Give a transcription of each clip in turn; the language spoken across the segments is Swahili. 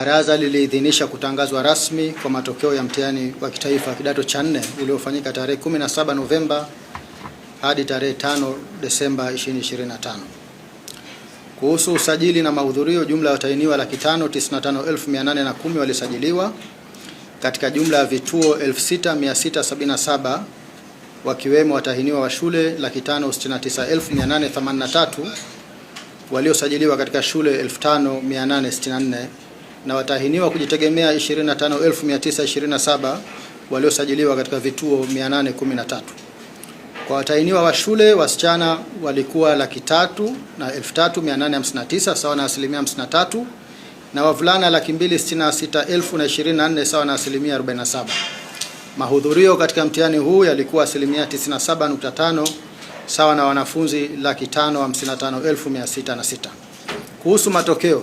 Baraza liliidhinisha kutangazwa rasmi kwa matokeo ya mtihani wa kitaifa kidato cha nne uliofanyika tarehe 17 Novemba hadi tarehe 5 Desemba 2025. Kuhusu usajili na mahudhurio, jumla ya watahiniwa laki tano walisajiliwa katika jumla ya vituo 6677 wakiwemo watahiniwa wa shule laki waliosajiliwa katika shule 5864 na watahiniwa kujitegemea 25927 waliosajiliwa katika vituo 813. Kwa watahiniwa wa shule wasichana walikuwa laki tatu na 3859 sawa na asilimia 53, na wavulana laki mbili sitini na sita elfu na ishirini na nne sawa na asilimia 47. Mahudhurio katika mtihani huu yalikuwa asilimia 97.5 sawa na wanafunzi laki tano hamsini na tano elfu mia sita na sita. Kuhusu matokeo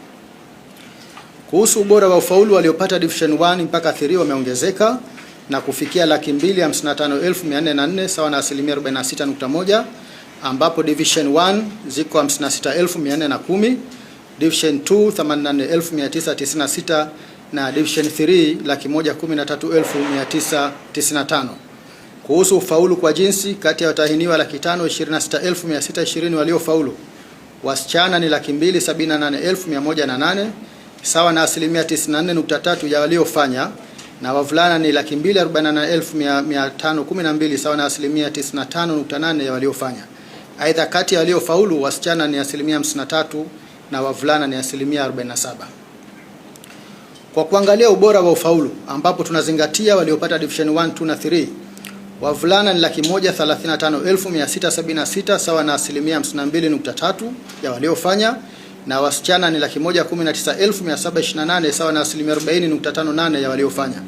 Kuhusu ubora wa ufaulu waliopata division 1 mpaka 3 wameongezeka na kufikia laki mbili sawa na asilimia 46.1, ambapo division 1 ziko 56410, division 2 84996 na division 3 laki moja kumi na tatu elfu tisa tisini tano. Kuhusu ufaulu kwa jinsi, kati ya watahiniwa laki tano ishirini sita elfu mia ishirini waliofaulu, wasichana ni laki mbili sabini nane elfu mia na nane sawa na asilimia 94.3 ya waliofanya na wavulana ni laki mbili mbili sawa na asilimia 95.8 ya waliofanya. Aidha, kati ya waliofaulu wasichana ni asilimia 53 na wavulana ni asilimia 47. Kwa kuangalia ubora wa ufaulu ambapo tunazingatia waliopata division 1, 2 na 3, wavulana ni laki moja thelathini na tano elfu mia sita sabini na sita sawa na asilimia 52.3 ya waliofanya na wasichana ni laki moja kumi na tisa elfu mia saba ishirini na nane sawa na asilimia arobaini nukta tano nane ya waliofanya.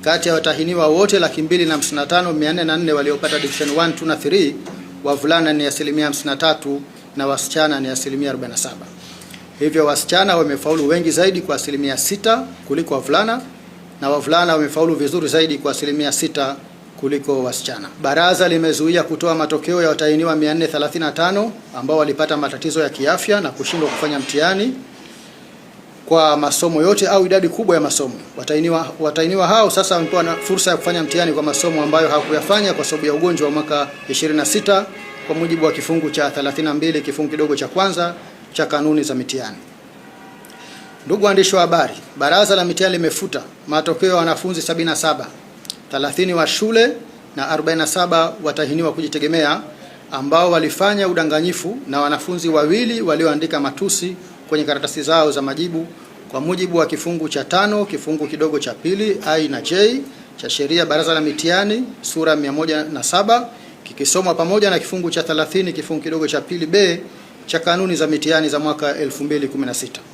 Kati ya watahiniwa wote laki mbili na hamsini na tano mia nne na nne waliopata division one, two na 3 wavulana ni asilimia hamsini na tatu na wasichana ni asilimia arobaini na saba. Hivyo wasichana wamefaulu wengi zaidi kwa asilimia sita kuliko wavulana na wavulana wamefaulu vizuri zaidi kwa asilimia sita kuliko wasichana. Baraza limezuia kutoa matokeo ya watahiniwa 435 ambao walipata matatizo ya kiafya na kushindwa kufanya mtihani kwa masomo yote au idadi kubwa ya masomo. Watahiniwa, watahiniwa hao sasa wamepewa fursa ya kufanya mtihani kwa masomo ambayo hawakuyafanya kwa sababu ya ugonjwa wa mwaka 26 kwa mujibu wa kifungu cha 32 kifungu kidogo cha kwanza cha kanuni za mitihani. Ndugu waandishi wa habari, Baraza la Mitihani limefuta matokeo ya wanafunzi 77 30 wa shule na 47 watahiniwa kujitegemea ambao walifanya udanganyifu na wanafunzi wawili walioandika matusi kwenye karatasi zao za majibu kwa mujibu wa kifungu cha tano kifungu kidogo cha pili i na j cha sheria baraza la mitihani sura 107 kikisomwa pamoja na kifungu cha 30 kifungu kidogo cha pili b cha kanuni za mitihani za mwaka 2016.